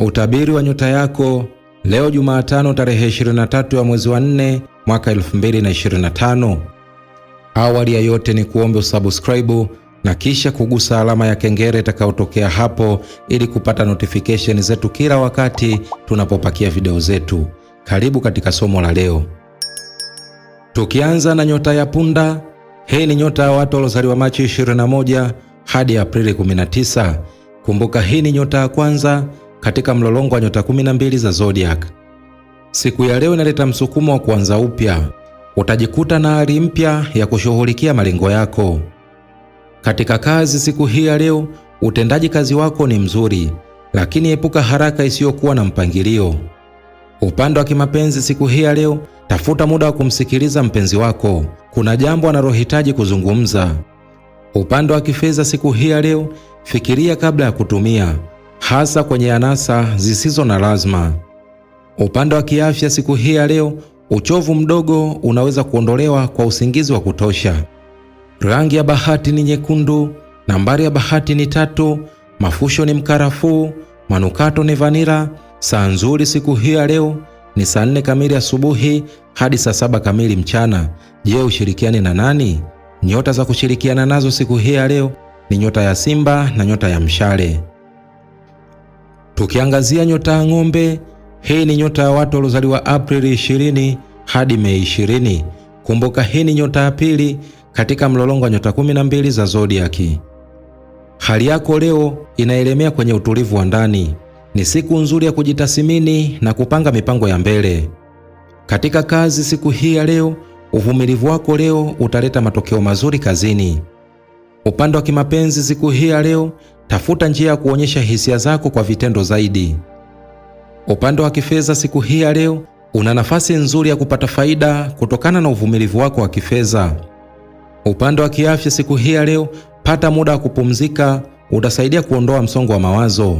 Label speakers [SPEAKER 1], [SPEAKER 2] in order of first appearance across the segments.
[SPEAKER 1] Utabiri wa nyota yako leo Jumatano tarehe 23 ya mwezi wa 4 mwaka 2025. Awali ya yote ni kuombe usubscribe na kisha kugusa alama ya kengele itakayotokea hapo ili kupata notification zetu kila wakati tunapopakia video zetu. Karibu katika somo la leo. Tukianza na nyota ya punda, hii ni nyota ya watu waliozaliwa Machi 21 hadi Aprili 19. Kumbuka hii ni nyota ya kwanza katika mlolongo wa nyota 12 za zodiac. Siku ya leo inaleta msukumo wa kuanza upya, utajikuta na hali mpya ya kushughulikia malengo yako. Katika kazi siku hii ya leo, utendaji kazi wako ni mzuri, lakini epuka haraka isiyokuwa na mpangilio. Upande wa kimapenzi siku hii ya leo, tafuta muda wa kumsikiliza mpenzi wako, kuna jambo analohitaji kuzungumza. Upande wa kifedha siku hii ya leo, fikiria kabla ya kutumia hasa kwenye anasa zisizo na lazima. Upande wa kiafya, siku hii ya leo, uchovu mdogo unaweza kuondolewa kwa usingizi wa kutosha. Rangi ya bahati ni nyekundu. Nambari ya bahati ni tatu. Mafusho ni mkarafuu. Manukato ni vanira. Saa nzuri siku hii ya leo ni saa nne kamili asubuhi hadi saa saba kamili mchana. Je, ushirikiane na nani? Nyota za kushirikiana nazo siku hii ya leo ni nyota ya Simba na nyota ya Mshale. Tukiangazia nyota ya ng'ombe, hii ni nyota ya watu waliozaliwa Aprili 20 hadi Mei 20. Kumbuka, hii ni nyota ya pili katika mlolongo wa nyota 12 za zodiaki. Hali yako leo inaelemea kwenye utulivu wa ndani. Ni siku nzuri ya kujitasimini na kupanga mipango ya mbele. Katika kazi siku hii ya leo, uvumilivu wako leo utaleta matokeo mazuri kazini. Upande wa kimapenzi siku hii ya leo, tafuta njia ya kuonyesha hisia zako kwa vitendo zaidi. Upande wa kifedha siku hii ya leo, una nafasi nzuri ya kupata faida kutokana na uvumilivu wako wa kifedha. Upande wa kiafya siku hii ya leo, pata muda wa kupumzika, utasaidia kuondoa msongo wa mawazo.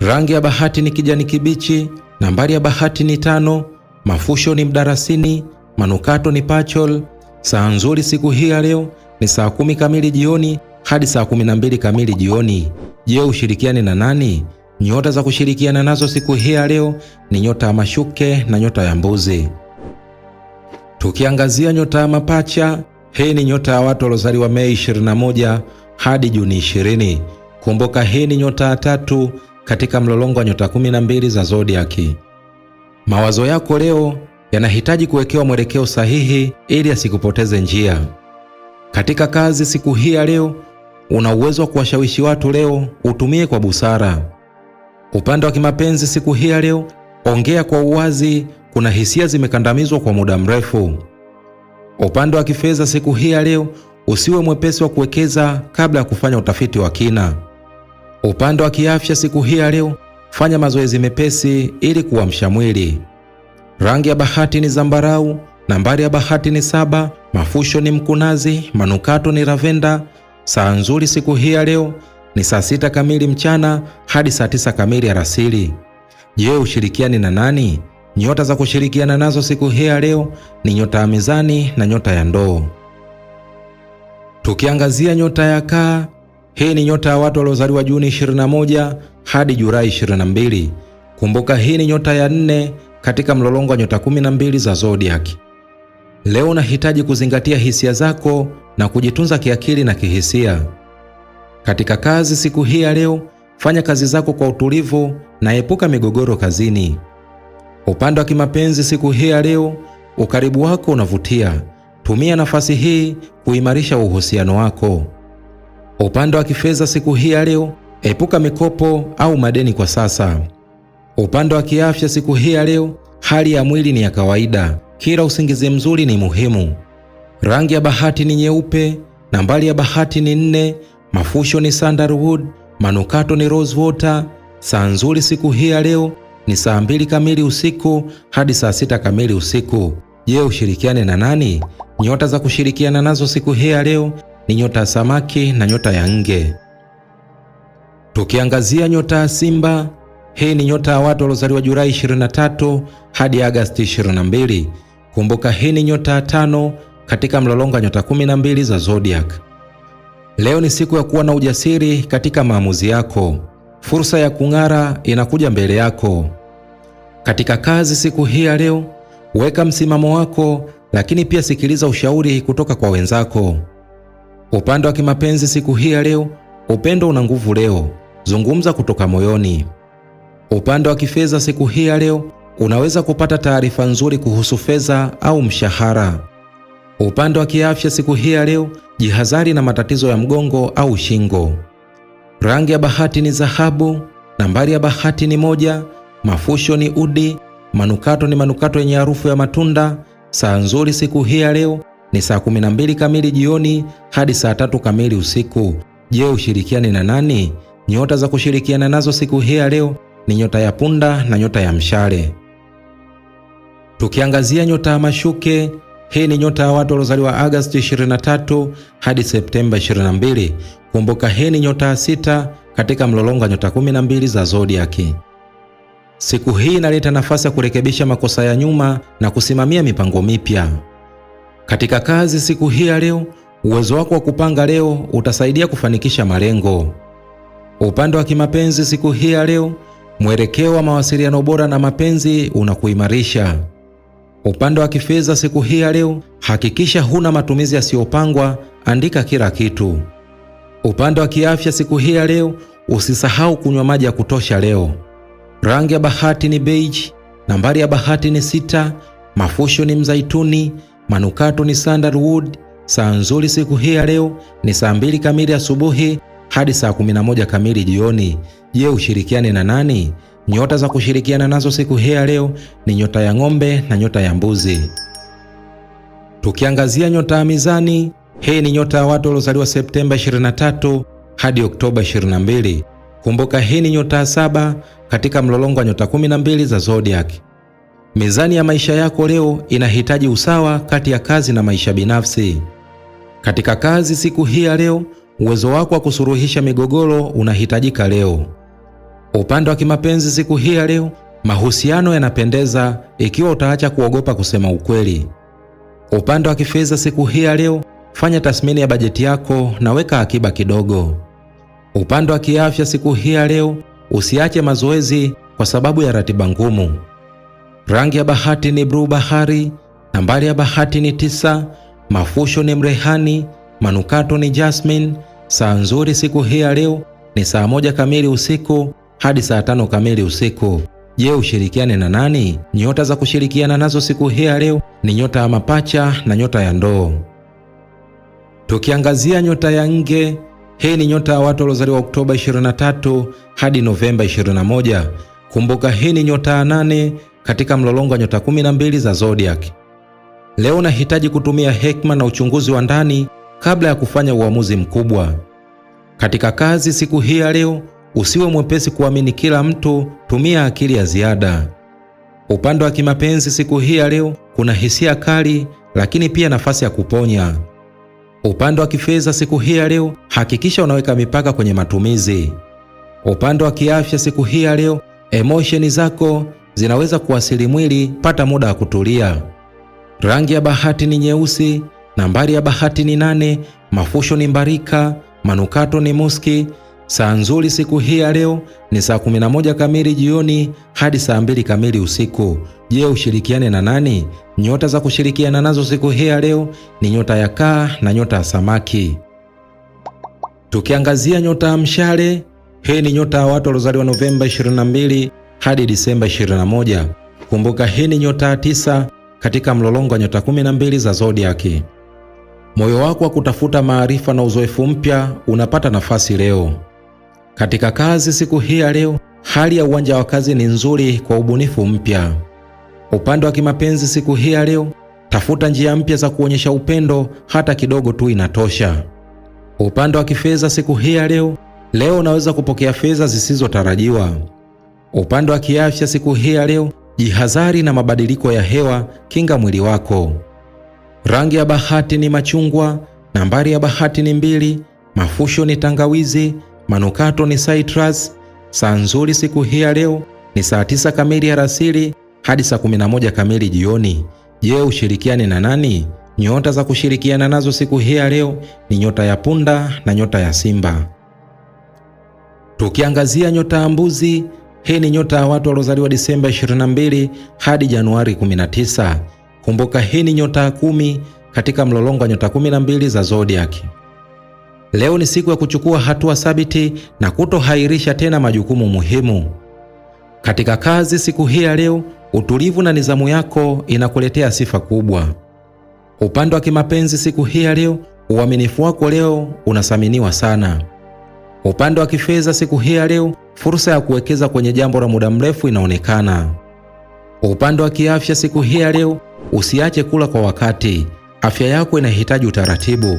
[SPEAKER 1] Rangi ya bahati ni kijani kibichi. Nambari ya bahati ni tano. Mafusho ni mdarasini. Manukato ni pachol. Saa nzuri siku hii ya leo ni saa kumi kamili jioni hadi saa kumi na mbili kamili jioni. Je, ushirikiane na nani? Nyota za kushirikiana nazo siku hii ya leo ni nyota ya mashuke na nyota ya mbuzi. Tukiangazia nyota ya mapacha, hii ni nyota ya watu waliozaliwa Mei 21 hadi Juni 20. Kumbuka hii ni nyota ya tatu katika mlolongo wa nyota 12 za zodiaki. Mawazo yako leo yanahitaji kuwekewa mwelekeo sahihi ili asikupoteze njia. Katika kazi siku hii ya leo, una uwezo wa kuwashawishi watu leo, utumie kwa busara. Upande wa kimapenzi siku hii ya leo, ongea kwa uwazi, kuna hisia zimekandamizwa kwa muda mrefu. Upande wa kifedha siku hii ya leo, usiwe mwepesi wa kuwekeza kabla ya kufanya utafiti wa kina. Upande wa kiafya siku hii ya leo, fanya mazoezi mepesi ili kuamsha mwili. Rangi ya bahati ni zambarau. Nambari ya bahati ni saba. Mafusho ni mkunazi, manukato ni ravenda. Saa nzuri siku hii ya leo ni saa sita kamili mchana hadi saa tisa kamili alasiri. Je, ushirikiani na nani? Nyota za kushirikiana nazo siku hii ya leo ni nyota ya mizani na nyota ya ndoo. Tukiangazia nyota ya kaa, hii ni nyota ya watu waliozaliwa Juni 21 hadi Julai 22. Kumbuka hii ni nyota ya nne katika mlolongo wa nyota 12 za zodiac. Leo unahitaji kuzingatia hisia zako na kujitunza kiakili na kihisia. Katika kazi siku hii ya leo, fanya kazi zako kwa utulivu na epuka migogoro kazini. Upande wa kimapenzi siku hii ya leo, ukaribu wako unavutia. Tumia nafasi hii kuimarisha uhusiano wako. Upande wa kifedha siku hii ya leo, epuka mikopo au madeni kwa sasa. Upande wa kiafya siku hii ya leo, hali ya mwili ni ya kawaida. Kila usingizi mzuri ni muhimu. Rangi ya bahati ni nyeupe, nambari ya bahati ni nne, mafusho ni sandalwood, manukato ni rose water. Saa nzuri siku hii ya leo ni saa mbili kamili usiku hadi saa sita kamili usiku. Je, ushirikiane na nani? Nyota za kushirikiana nazo siku hii ya leo ni nyota ya samaki na nyota ya nge. Tukiangazia nyota ya Simba, hii ni nyota ya watu waliozaliwa Julai 23 hadi Agasti 22. Kumbuka hii ni nyota tano katika mlolongo wa nyota 12 za zodiac. Leo ni siku ya kuwa na ujasiri katika maamuzi yako. Fursa ya kung'ara inakuja mbele yako. Katika kazi siku hii ya leo, weka msimamo wako, lakini pia sikiliza ushauri kutoka kwa wenzako. Upande wa kimapenzi siku hii ya leo, upendo una nguvu leo, zungumza kutoka moyoni. Upande wa kifedha siku hii ya leo, unaweza kupata taarifa nzuri kuhusu fedha au mshahara. Upande wa kiafya siku hii ya leo, jihadhari na matatizo ya mgongo au shingo. Rangi ya bahati ni dhahabu. Nambari ya bahati ni moja. Mafusho ni udi. Manukato ni manukato yenye harufu ya matunda. Saa nzuri siku hii ya leo ni saa 12 kamili jioni hadi saa tatu kamili usiku. Je, ushirikiane na nani? Nyota za kushirikiana nazo siku hii ya leo ni nyota ya punda na nyota ya mshale. Tukiangazia nyota ya mashuke, hii ni nyota ya watu waliozaliwa Agosti 23 hadi Septemba 22. Kumbuka hii ni nyota ya sita katika mlolongo wa nyota 12 za zodiaki. Siku hii inaleta nafasi ya kurekebisha makosa ya nyuma na kusimamia mipango mipya katika kazi. Siku hii ya leo, uwezo wako wa kupanga leo utasaidia kufanikisha malengo. Upande wa kimapenzi, siku hii ya leo, mwelekeo wa mawasiliano bora na mapenzi unakuimarisha. Upande wa kifedha siku hii ya leo, hakikisha huna matumizi yasiyopangwa, andika kila kitu. Upande wa kiafya siku hii ya leo, usisahau kunywa maji ya kutosha leo. Rangi ya bahati ni beige, nambari ya bahati ni sita, mafusho ni mzaituni, manukato ni sandalwood. Saa nzuri siku hii ya leo ni saa mbili kamili asubuhi hadi saa 11 kamili jioni. Je, ushirikiane na nani? Nyota za kushirikiana nazo siku hii ya leo ni nyota ya ng'ombe na nyota ya mbuzi. Tukiangazia nyota ya mizani, hii ni nyota ya watu waliozaliwa Septemba 23 hadi Oktoba 22. Kumbuka hii ni nyota ya saba katika mlolongo wa nyota 12 za zodiac. Mizani ya maisha yako leo inahitaji usawa kati ya kazi na maisha binafsi. Katika kazi siku hii ya leo, uwezo wako wa kusuruhisha migogoro unahitajika leo. Upande wa kimapenzi siku hii ya leo, mahusiano yanapendeza ikiwa utaacha kuogopa kusema ukweli. Upande wa kifedha siku hii ya leo, fanya tathmini ya bajeti yako na weka akiba kidogo. Upande wa kiafya siku hii ya leo, usiache mazoezi kwa sababu ya ratiba ngumu. Rangi ya bahati ni bluu bahari. Nambari ya bahati ni tisa. Mafusho ni mrehani. Manukato ni jasmine. Saa nzuri siku hii ya leo ni saa moja kamili usiku hadi saa tano kamili usiku. Je, ushirikiane na nani? Nyota za kushirikiana nazo siku hii ya leo ni nyota ya mapacha na nyota ya ndoo. Tukiangazia nyota ya nge, hii ni nyota ya watu waliozaliwa Oktoba 23 hadi Novemba 21. Kumbuka hii ni nyota ya nane katika mlolongo wa nyota 12 za zodiac. Leo unahitaji kutumia hekima na uchunguzi wa ndani kabla ya kufanya uamuzi mkubwa. Katika kazi siku hii ya leo, Usiwe mwepesi kuamini kila mtu, tumia akili ya ziada. Upande wa kimapenzi siku hii ya leo kuna hisia kali, lakini pia nafasi ya kuponya. Upande wa kifedha siku hii ya leo, hakikisha unaweka mipaka kwenye matumizi. Upande wa kiafya siku hii ya leo, emosheni zako zinaweza kuwasili mwili, pata muda wa kutulia. Rangi ya bahati ni nyeusi, nambari ya bahati ni nane, mafusho ni mbarika, manukato ni muski, Saa nzuri siku hii ya leo ni saa 11 kamili jioni hadi saa 2 kamili usiku. Je, ushirikiane na nani? Nyota za kushirikiana nazo siku hii ya leo ni nyota ya kaa na nyota ya samaki. Tukiangazia nyota ya mshale, hii ni nyota ya watu waliozaliwa Novemba 22 hadi Disemba 21. Kumbuka hii ni nyota ya tisa katika mlolongo wa nyota 12 za zodiaki. Moyo wako wa kutafuta maarifa na uzoefu mpya unapata nafasi leo. Katika kazi siku hii ya leo, hali ya uwanja wa kazi ni nzuri kwa ubunifu mpya. Upande wa kimapenzi siku hii ya leo, tafuta njia mpya za kuonyesha upendo, hata kidogo tu inatosha. Upande wa kifedha siku hii ya leo, leo unaweza kupokea fedha zisizotarajiwa. Upande wa kiafya siku hii ya leo, jihadhari na mabadiliko ya hewa, kinga mwili wako. Rangi ya bahati ni machungwa, nambari ya bahati ni mbili, mafusho ni tangawizi. Manukato ni citrus. Saa nzuri siku hii ya leo ni saa tisa kamili ya rasili hadi saa 11 kamili jioni. Je, ushirikiane na nani? Nyota za kushirikiana nazo siku hii ya leo ni nyota ya punda na nyota ya simba. Tukiangazia nyota ya mbuzi, hii ni nyota ya watu waliozaliwa Disemba 22 hadi Januari 19. Kumbuka hii ni nyota ya kumi katika mlolongo wa nyota 12 za zodiac. Leo ni siku ya kuchukua hatua thabiti na kutohairisha tena majukumu muhimu. Katika kazi siku hii ya leo, utulivu na nidhamu yako inakuletea sifa kubwa. Upande wa kimapenzi siku hii ya leo, uaminifu wako leo unathaminiwa sana. Upande wa kifedha siku hii ya leo, fursa ya kuwekeza kwenye jambo la muda mrefu inaonekana. Upande wa kiafya siku hii ya leo, usiache kula kwa wakati. Afya yako inahitaji utaratibu.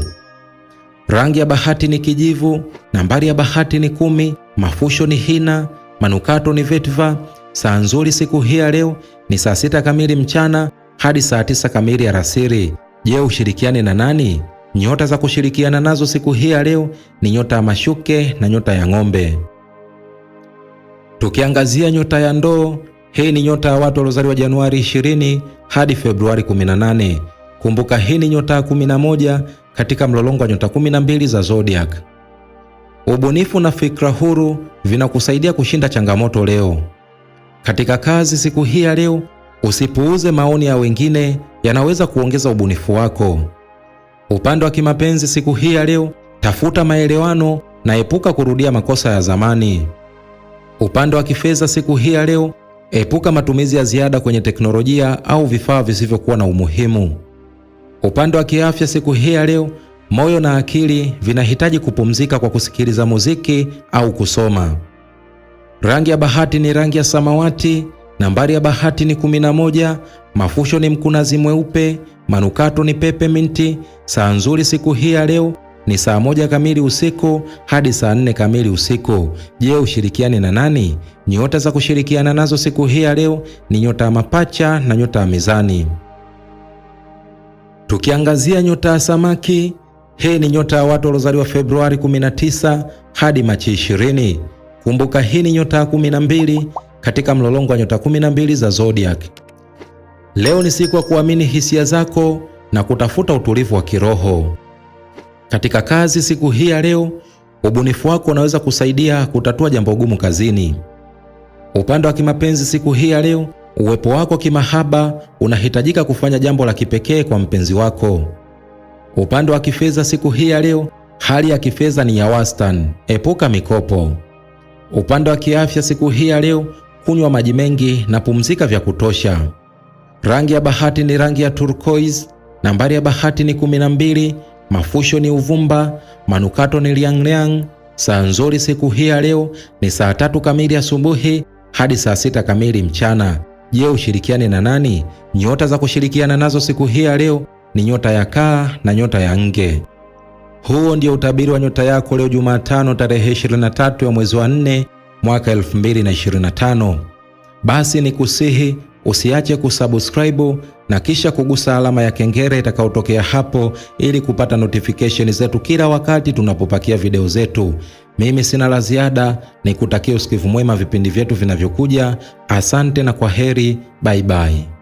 [SPEAKER 1] Rangi ya bahati ni kijivu, nambari ya bahati ni kumi, mafusho ni hina, manukato ni vetva. Saa nzuri siku hii ya leo ni saa sita kamili mchana hadi saa tisa kamili alasiri. Je, ushirikiane na nani? Nyota za kushirikiana nazo siku hii ya leo ni nyota ya mashuke na nyota ya ng'ombe. Tukiangazia nyota ya ndoo, hii ni nyota ya watu waliozaliwa Januari 20 hadi Februari 18. Kumbuka hii ni nyota ya 11 katika mlolongo wa nyota 12 za zodiac. Ubunifu na fikra huru vinakusaidia kushinda changamoto leo. Katika kazi siku hii ya leo, usipuuze maoni ya wengine, yanaweza kuongeza ubunifu wako. Upande wa kimapenzi siku hii ya leo, tafuta maelewano na epuka kurudia makosa ya zamani. Upande wa kifedha siku hii ya leo, epuka matumizi ya ziada kwenye teknolojia au vifaa visivyokuwa na umuhimu. Upande wa kiafya siku hii ya leo, moyo na akili vinahitaji kupumzika kwa kusikiliza muziki au kusoma. Rangi ya bahati ni rangi ya samawati. Nambari ya bahati ni 11. Mafusho ni mkunazi mweupe. Manukato ni pepe minti. Saa nzuri siku hii ya leo ni saa moja kamili usiku hadi saa nne kamili usiku. Je, ushirikiane na nani? Nyota za kushirikiana nazo siku hii ya leo ni nyota ya mapacha na nyota ya mizani. Tukiangazia nyota ya samaki, hii ni nyota ya watu waliozaliwa Februari 19 hadi Machi 20. Kumbuka hii ni nyota ya 12 katika mlolongo wa nyota 12 za zodiac. Leo ni siku ya kuamini hisia zako na kutafuta utulivu wa kiroho. Katika kazi siku hii ya leo, ubunifu wako unaweza kusaidia kutatua jambo gumu kazini. Upande wa kimapenzi siku hii ya leo Uwepo wako kimahaba unahitajika kufanya jambo la kipekee kwa mpenzi wako. Upande wa kifedha siku hii ya leo, hali ya kifedha ni ya wastani, epuka mikopo. Upande wa kiafya siku hii ya leo, kunywa maji mengi na pumzika vya kutosha. Rangi ya bahati ni rangi ya turquoise. Nambari ya bahati ni 12. Mafusho ni uvumba. Manukato ni liangliang. Saa nzuri siku hii ya leo ni saa tatu kamili asubuhi hadi saa sita kamili mchana. Je, ushirikiane na nani? Nyota za kushirikiana nazo siku hii ya leo ni nyota ya kaa na nyota ya nge. Huo ndio utabiri wa nyota yako leo Jumatano tarehe 23 ya mwezi wa 4 mwaka 2025. Basi ni kusihi usiache kusubscribe na kisha kugusa alama ya kengele itakayotokea hapo ili kupata notification zetu kila wakati tunapopakia video zetu. Mimi sina la ziada, kutakia usikivu mwema vipindi vyetu vinavyokuja. Asante na kwa heri, bye bye.